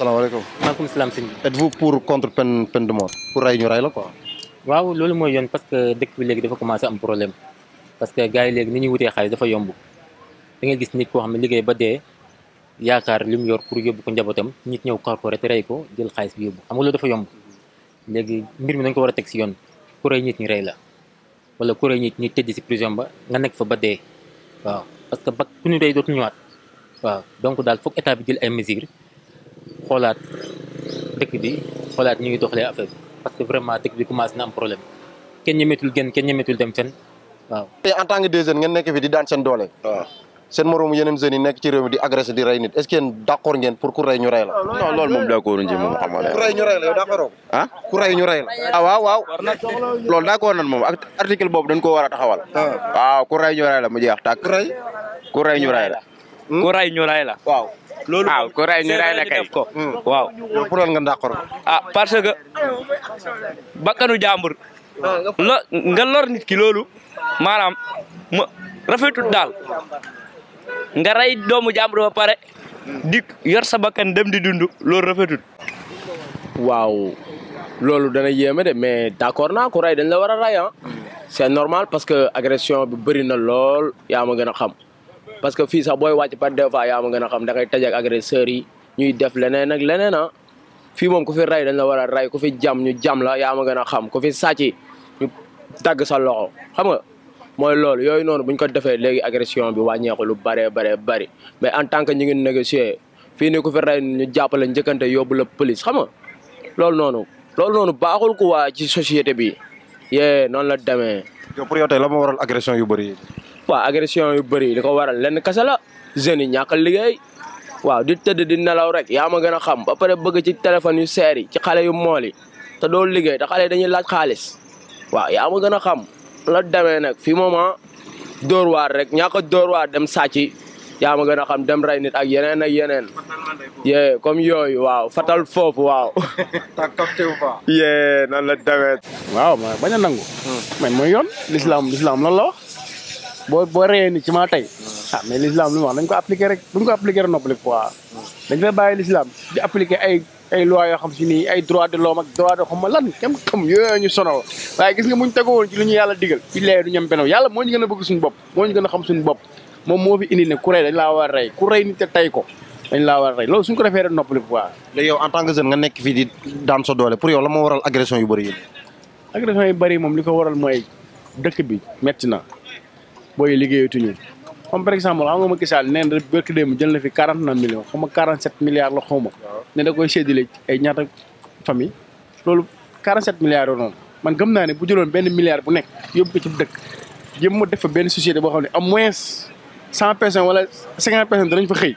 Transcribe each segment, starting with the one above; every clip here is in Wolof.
salaamaaleykum maaleykum salaam sëñ bi êtes-vous pour contre peine peine de la quoi waaw loolu mooy yoon parce que dëkk bi léegi dafa commencé am problème parce que gars yi léegi ni ñuy wute xaalis dafa yomb da nga gis nit koo xam ne liggéey ba dee yaakaar li mu yor pour yóbbu ko njabootam nit ñëw kar ko rek rey ko jël xaalis bi yóbbu am nga loolu dafa yomb léegi mbir mi dañ ko war a teg si yoon ku rey nit ñi rey la wala ku rey nit ñi tëdd si prison ba nga nekk fa ba dee waaw parce que ba ku ñu rey dootu ñëwaat waaw donc daal foog état bi jël ay xoolaat dëkk bi xoolaat ñu ngi doxalee affaire bi parce que vraiment dëkk bi commencé na am problème ken ñemetul génn kenn ñemetul dem fenn waaw. tey en tant que des jeunes ngeen nekk fi di daan seen doole. seen moroomu yeneen jeunes nekk ci réew mi di agressé di rey nit est-ce que yéen d'accord ngeen pour ku rey ñu rey la. non loolu moom d'accord ñu moom xam nga. ku rey ñu rey la ah? ku rey ñu rey la. ah waaw boobu dañ koo war a taxawal. Ah. waaw ku rey ñu rey la mu jeex tàkk. ku rey ku rey ñu rey la. Hmm? ku rey ñu rey loolu waaw ah, ku rey ñu rey la kay hmm. waaw. yow pour nga d'accord ko. Ah, parce que bakkanu jàmbur. lo nga lor nit ki loolu maanaam ma rafetul daal nga ray doomu jàmbur ba pare dikk yor sa bakkan dem di dund loolu rafetul. waaw loolu dana yéeme de mais d'accord naa ku rey dañ la war a rey ah. c'est normal parce que agression bi bëri na lool yaa a gën a xam. parce que fii sax booy wàcc par des fois yaa ma gën a xam da ngay tajak yi ñuy def leneen ak leneen ah. fii moom ku fi ray dañ la war a ray ku fi jam ñu jam la yaa ma gën a xam ku fi sàcc ñu dagg sa loxo xam nga mooy loolu yooyu noonu buñ ko defee léegi agression bi wàññeeku lu bëree bëree bëri mais en tant que ñu ngi négocier fii nii ku fi ray ñu jàppale njëkkante yóbbu la police xam nga loolu noonu loolu noonu baaxul quoi ci société bi yee noonu la demee. yow pour yow la ma waral agression yu bëri waaw agression yu bëri li ko waral lenn kese la jeunes yi ñàkk liggéey waaw di tëdd di nelaw rek yaa ma gën a xam ba pare bëgg ci téléphone yu seer yi ci xale yu mool yi te doo liggéey te xale yi dañuy laaj xaalis waaw yaa ma gën a xam la demee nag fi moment ah, dóor waar rek ñàkk a dóor dem saaci yaa ma gën a xam dem rey nit ak yeneen ak yeneen yee comme yooyu waaw fatal foofu waaw yee nan la demee waaw ma bañ a nangu hmm. mais mooy yoon l'islam l'islam lan boo boo reyee ni ci maa tey ah mais l'islam lu mu rek buñ ko appliqué rek noppali quoi dañ fay bàyyi l'islam yoo xam si nii ay droit de l'homme ak droit de xamuma lan kenn xam yooyu ñu sonal waaye nga ñu yàlla digal ci lee du ñam benn yàlla suñu bopp moo ñu a suñu bopp moom moo fi indi ne a rey ku rey tey ko dañ laa war a rey loolu suñ ko defee rek noppali quoi léegi nekk fii di daan sa doole pour yow la moo waral agression yu bëri yi agression yu bëri li ko waral mooy dëkk bi metti na booy liggéeyatuñu comme par exemple xam nga ma gisaal nee na bërki démb jël na fi quarante neuf millions xaw quarante sept milliards la xaw ne da koy séddale ay ñaata famille loolu quarante sept milliards yoo man gëm naa ne bu jëloon benn milliard bu nekk yóbbu ko ci dëkk jëm ma def fa benn société boo xam ne au moins cent personnes wala cinquante personnes danañ fa xëy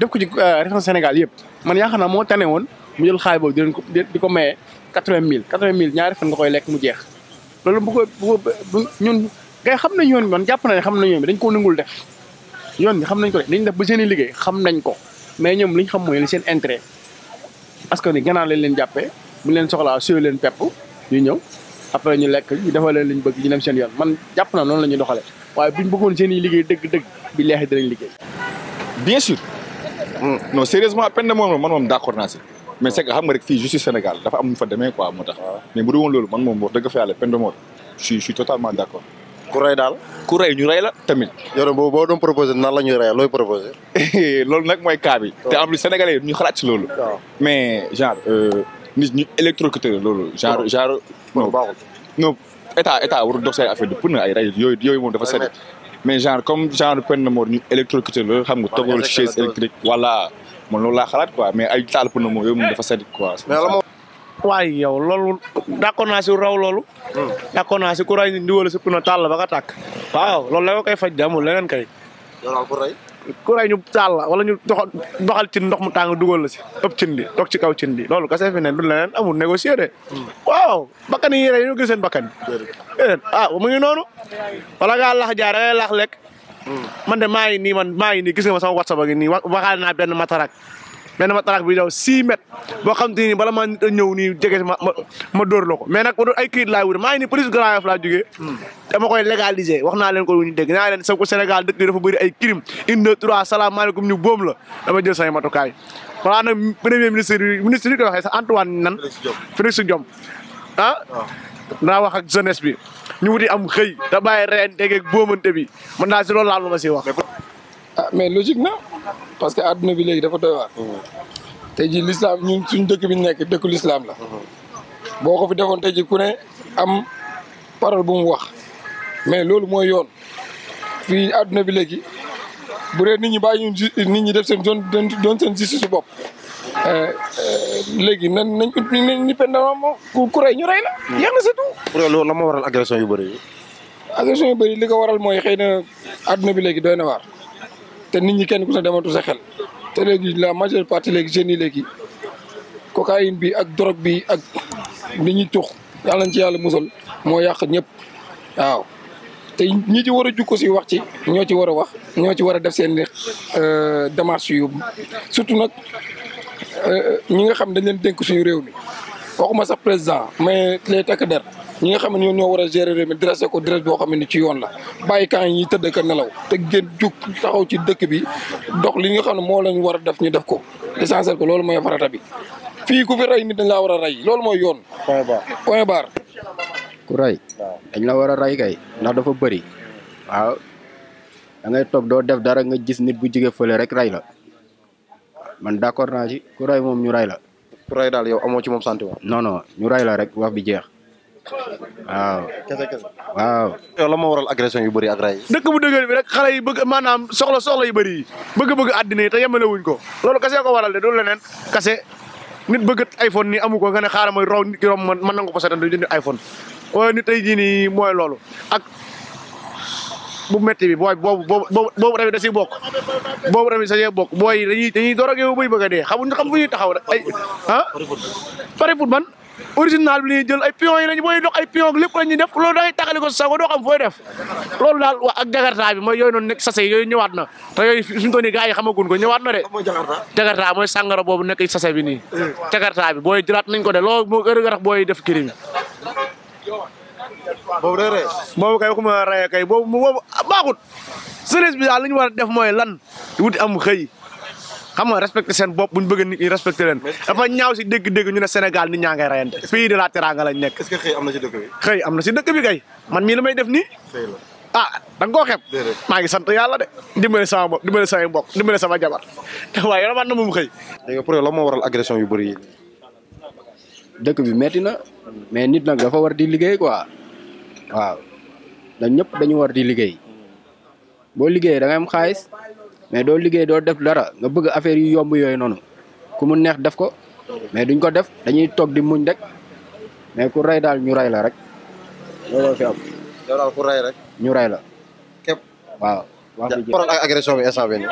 def ko ci euh, région Sénégal yëpp man yaa yaakaar naa moo tane woon mu jël xaalis boobu di ko di ko maye quatre vingt mille quatre mille ñaari fan nga koy lekk mu jeex gars xam nañ yoon man jàpp na ne xam nañ dañ koo nangul def yoon bi xam nañ ko def dañ def ba seen liggéey xam nañ ko mais ñoom li ñu xam mooy li seen intérêt parce que ni gannaaw lañ leen jàppee bu leen soxla suy leen pepp ñu ñëw après ñu lekk ñu defal leen liñ bëgg ñu dem seen yoon man jàpp na noonu la ñuy doxalee waaye buñ bëggoon seen i liggéey dëgg-dëgg bi leexi dinañ liggéey bien sûr hmm. non sérieusement peine de moom man moom d'accord naa si mais c'est que xam nga rek fii justice Sénégal dafa am fa demee quoi moo tax ah. loolu man moom wax dëgg fa yàlla peine ku daal. ku rey ñu rey la tamit. yow boo boo doon proposé nan la ñuy rey looy proposé. loolu nag mooy cas bi. te en plus sénégalais ñu xalaat ci loolu. mais genre euh, nit ñi électrocuté loolu. genre genre non baaxul. non a état warul dox seen affaire de na ay rey yooyu yooyu moom dafa sedd. mais genre comme genre peine de mort ñu électrocuté la xam nga toggal chaise électrique. voilà man loolu laa xalaat quoi mais ay taal pour na moom yooyu moom dafa sedd quoi. waaye yow loolu d'accord naa raw loolu. Hmm. d'accord naa si ku ray ndiwala si ku tàll ba ka tàkk. waaw loolu la nga koy faj de amul leneen kay. yow ku ray. ñu tàll wala ñu doxal doxal cin ndox mu tàng dugal la si ëpp cin bi toog ci kaw cin bi loolu kese fi ne du leneen amul négocier de. Hmm. waaw bakkan yi rey ñu gis seen bakkan. ah wala ngaa lax jaar lekk. Hmm. man de maa ngi nii man maa ngi nii gis nga ma sama whatsapp a ngi nii waxaale naa benn matarak. benn matraque bi daw 6 boo xam te ni bala maa nit a ñëw nii jege ma door ma dóor la ko mais nag ay këyit laa wut maa ngi ni police Grand Yoff laa jógee. Hmm. dama koy légaliser wax naa leen ko lu ñu dégg naa leen sa ko Sénégal dëkk bi dafa bëri ay crime une deux trois salaamaaleykum ñu boom la dama jël say matukaay. voilà nag premier ministre bi ministre bi koy waxee sax Antoine nan. Félix Diome ah? ah. naa wax ak jeunesse bi ñu wuti am xëy. da bàyyi reen tegeeg boomante bi man daal si loolu laa lu ma siy wax. Ah, parce que adduna bi léegi dafa doy waar. tey jii lislaam ñun suñ dëkk bi nekk dëkku lislaam la. boo ko fi defoon tey jii ku ne am parole bu mu wax mais loolu mooy yoon fii adduna bi léegi bu dee nit ñi bàyyi nit ñi def seen zone doon seen justice su bopp. Eh, eh, léegi nan nañ nañ ni pendamam ku ku ñu rey la. yéen a seetlu. pour loolu la ma waral agression yu bëri yi. agression yu bëri li ko waral mooy xëy na adduna bi léegi doy na waar. te nit ñi kenn ku sa dematu sa xel te léegi la majeure partie léegi jeunes yi léegi cocaïne bi ak drogue bi ak li ñuy tux yàlla ci yàlla musal moo yàq ñëpp waaw. te ñi ci war a jukko si wax ci ñoo ci war a wax ñoo ci war a def seen euh, démarche yoobu surtout nag euh, ñi nga xam dañ leen dénk suñu réew mi waxuma sax président mais les takk der ñi nga xam ne ñoo ñoo war a gérer réew mi dressé ko dress boo xam ne ci yoon la bàyyi camp yi tëdd ka nelaw te gën jug taxaw ci dëkk bi dox li nga xam ne moo lañ war a def ñu def ko l'essentiel ko loolu mooy farata bi fii ku fi rey nit dañ war a rey loolu mooy yoon point barre point barre ku dañ la war a rey kay ndax dafa bëri waaw dangay toog doo def dara nga gis nit bu jige fële rek ray la man d'accord naa ci ku rey moom ñu ray la ku rey daal yow amoo ci moom sant non non ñu ray la rek wax bi jeex waaw kese kese waaw la moo waral agression yu bëri ak ray dëkk bu dëgër bi rek xale yi bëgg maanaam soxla soxla yu bëri yi bëgg-bëgg àddina yi te yemale wuñ ko loolu kase ko waral de du leneen kase nit bëgg iPhone nii amu ko nga ne xaaral ma raw nit ki rom man ko seetaan du jënd iPhone waaye nit tey jii nii mooy loolu ak bu métti bi booy boobu boobu boobu tamit da siy bokk boobu tamit da siy bokk booy dañuy dañuy door ak yow buy bëgg a dee xamuñ xam fu ñuy taxaw rek ay ah pare foot original bi la jël ay pion yi lañ booy dox ay pion lépp la def loolu da ngay taxali ko sago doo xam fooy def loolu daal wax ak jakarta bi mooy yooyu noonu nekk sase yooyu ñëwaat na te yooyu suñu ko nii gars yi xamaguñ ko ñëwaat na de jakarta mooy sàngara boobu nekk sase bi nii eh. jakarta bi booy jëlaat nañ ko de loolu moo gën a tax booy def crime boobu day rey boobu kay waxuma rey kay boobu boobu baaxut jeunesse bi daal li ñu war a def mooy lan wuti am xëy xam nga respecté seen bopp bu ñu bëgg nit ñi respecté leen dafa ñaaw si dégg-dégg ñu ne Sénégal nit ñaa ngay rayante pays de la teranga lañ nekk xëy am na si dëkk bi kay man mii la may def nii ah da nga koo xeeb maa ngi sant yàlla de dimbale sama bopp di ma mbokk dimbale sama jabar waaye yàlla man na moom xëy léegi pour yow la moo waral agression yu bëri yi dëkk bi metti na mais nit nag dafa war di liggéey quoi waaw dañ ñëpp dañu war di liggéey boo liggéey da ngay am xaalis mais doo liggéey doo def dara nga bëgg affaire yu yomb yooyu noonu ku mu neex def ko mais duñ ko def dañuy toog di muñ rek mais ku rey daal ñu rey la rek looloo fi rek. ñu rey la. képp waaw. wax dëgg ak agression bi instant bi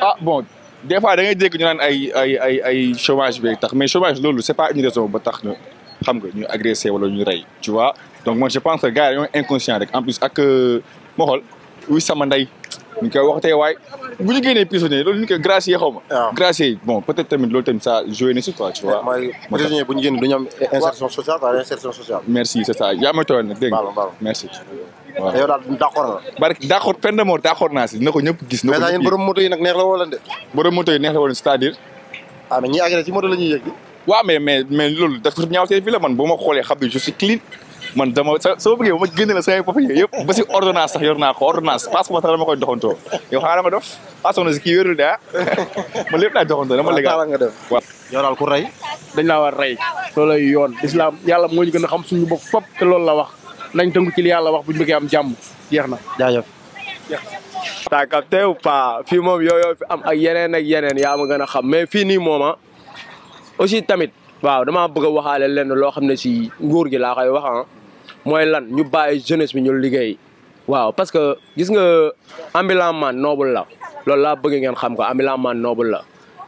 ah bon des fois da ngay dégg ñu naan ay ay ay ay chômage bi tax mais chômage loolu c'est pas une raison ba tax xam nga ñu agressé wala ñu rey tu vois donc moi je pense que gars yi dañoo inconscient rek en plus ak euh, moo uy sama nday ñu koy waxatee waaye bu ñu génnee prisonnier loolu ñu gracier xaw gracier bon peut être tamit loolu tamit ça joué na si quoi tu prisonnier bu ñu du ñu am sociale waaw insertion sociale. merci c' est ça yaa may tooyoon nag de mort d' accord naa si na ko ñëpp gis. na ko mais yéen borom moto yi nag ah, waaw mais mais mais loolu dafa ñaaw seen fii la ma xoolee xam ne clean man dama soo bëggee ba ma génne la samay yëpp ba si ordonnance sax yor naa ko ordonnance passeport sax dama koy doxantoo yow ah de ah man lépp naa dañ laa war rey loolay yoon islam yàlla moo gën a xam suñu bopp fop te loolu la wax nañ tënku ci yàlla wax buñu bëggee am jàmm jeex na jaajëf taa capté ou fii moom yow am ak yeneen ak yeneen yaa ma gën a xam mais fii nii mooma ah. aussi tamit waaw damaa bëgg a waxaale lenn loo xam ne si nguur gi laa koy wax ah mooy lan ñu bàyyi jeunesse bi ñu liggéey waaw parce que gis nga ambulant man noobul la loolu laa bëggee ngeen xam ko ambulant man noobul la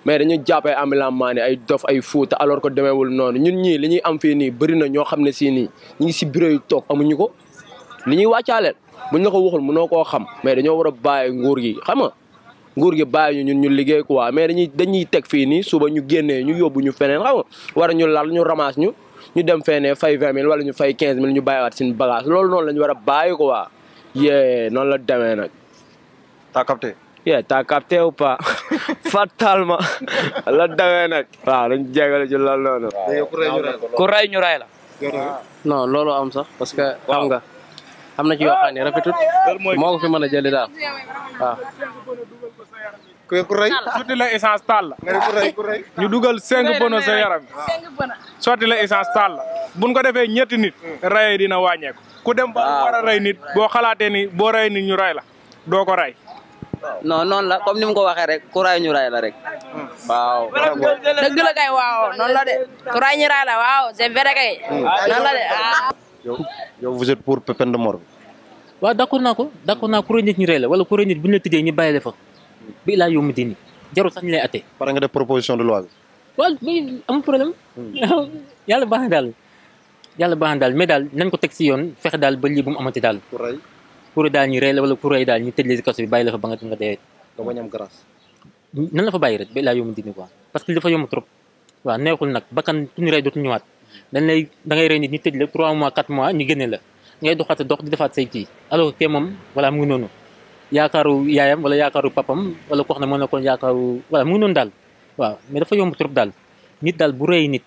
mais dañu jàppee ambulant man ay dof ay fuuta alors que demeewul noonu ñun ñii li ñuy am fii nii bëri na ñoo xam ne si nii ñu ngi si bureau yu toog amuñu ko li ñuy wàccaaleel buñ la ko waxul mënoo koo xam mais dañoo war a bàyyi nguur gi xam nga nguur gi bàyyi ñu ñu liggéey quoi mais dañuy dañuy teg fii nii suba ñu génnee ñu yóbbu ñu feneen wara ñu lal ñu ramasse ñu ñu dem feneen fay vingt wala ñu fay quinze mille ñu bàyyiwaat seen bagage loolu noonu la ñu war a bàyyi quoi yee noonu la demee nag. t'as capté. yeah t'as capté ou fatalement la demee nag. waaw dañ jégale ñu rey la. non loolu am sax parce que xam nga am na ci yoo xam ne rafetut moo ko fi mën a jëli daal kuy ku rey sotti la essence taal la. ñu dugal cinq bëna sa yaram. cinq bëna. sotti la essence taal la ko defee ñetti nit. rey dina wàññeeku. ku dem ba war nit boo xalaatee ni boo rey nit ñu rey la doo ko rey. non noonu la comme ni mu ko waxee rek ku raay ñu raay la rek. waaw. dëgg kay waaw noonu la de. ku raay ñu raay la waaw c'est vrai kay. noonu la de ah. yow yow ko d'accord naa ku raay ñu raay la wala ku raay ñu la tëjee bi laa yomb dini jarul sax ñu lay atte. pare nga def proposition de loi waaw muy amul problème. Hmm. yàlla baax na daal yàlla baax na daal mais daal yoon fexe daal ba lii bu mu amati daal. ku rey ku rey daal ba nga nga dee. nga bañ am grâce. nan la fa bàyyi rek bi laa yomb dini quoi parce que li dafa yomb trop. waaw neexul nag bakkan ku ñu rey dootu ñëwaat dañ lay da ngay rey nit ñu tëj la 3 mois 4 mois ñu génne la ngay doxaat dox di defaat say kii alors que moom voilà mu ngi noonu. yaakaaru yaayam wala yaakaaru papam wala ko xam ne moo nekkoon yaakaaru voilà mu ngi noonu daal waaw mais dafa yomb trop daal nit daal bu rëy nit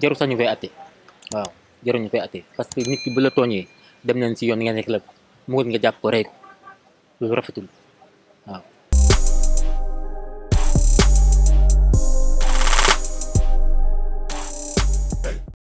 jaru sax ñu koy atte waaw jaru ñu koy atte parce que nit ki bu la tooñee dem nañ si yoon nga nekk la mu nga jàpp ko rey ko loolu rafetul waaw